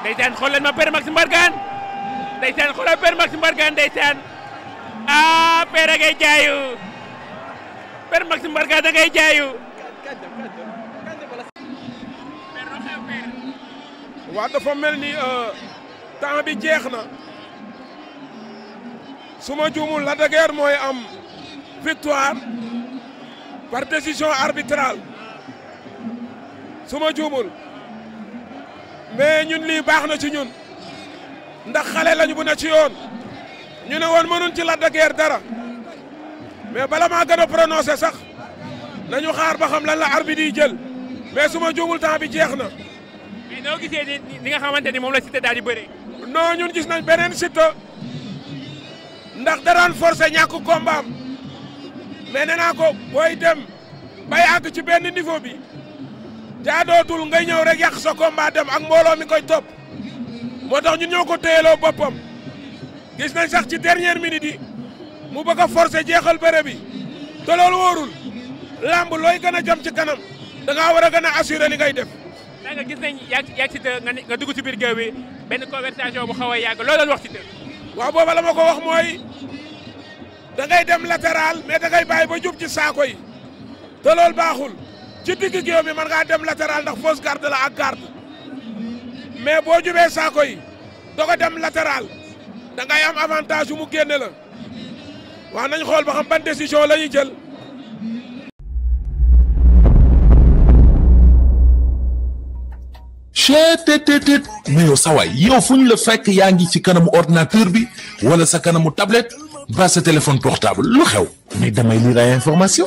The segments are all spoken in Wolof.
ndeysaan xool leen ma Père Max Mbargane ndeysaan xoolal Père Max Mbargane ndeysaan ah Père a ngay jaayu Père Max Mbargane da ngay jaayu. waa dafa mel ni euh, temps bi jeex na su ma la dageer mooy am victoire par décision arbitrale su ma mais ñun lii baax na ci ñun ndax xale lañu bu na ci yoon ñu ne woon mënuñ ci Lac de Guiers dara mais bala maa gën a prononcé sax nañu xaar ba xam lan la arbitre yi jël mais suma ma juumul temps bi jeex na. mais noo gisee ni li nga xamante ni moom la Siteu daal di bëree. non ñun gis nañ beneen Siteu ndax daraan forcé ñàkk kombaam mais nee naa ko booy dem bay àgg ci benn niveau bi. jaadootul ngay ñëw rek yàq sa combat dem ak mbooloo mi koy topp moo tax ñu ñoo ko téyeloo boppam gis nañ sax ci dernière minute yi mu bëgg a forcer jeexal bëre bi te loolu wóorul làmb looy gën a jëm ci kanam da ngaa war a gën a assurer li ngay def. da ga gis nañ yàgg yàgg si te nga dugg ci biir géew bi benn conversation bu xaw a yàgg loolu doon wax ci te. waaw booba la ko wax mooy da ngay dem latéral mais dangay ngay bàyyi ba jub ci saako yi te loolu baaxul. ci digg géew bi mën ngaa dem latéral ndax fausse garde la ak garde mais boo jubee saako yi doog a dem latéral dangay am avantage yu mu génne la wax nañu xool ba xam ban décision la jël. cheetetetet mais yow sa yow fu ñu la fekk yaa ngi ci kanamu ordinateur bi wala sa kanamu tablet ba sa téléphone portable lu xew mais damay lire ay information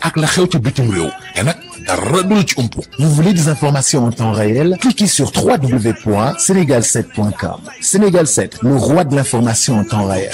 ak la xew ci bitim réew te du la ci ump. Vous voulez des informations en temps réel? Cliquez sur www.senegal7.com. Sénégal 7, le roi de l'information en temps réel.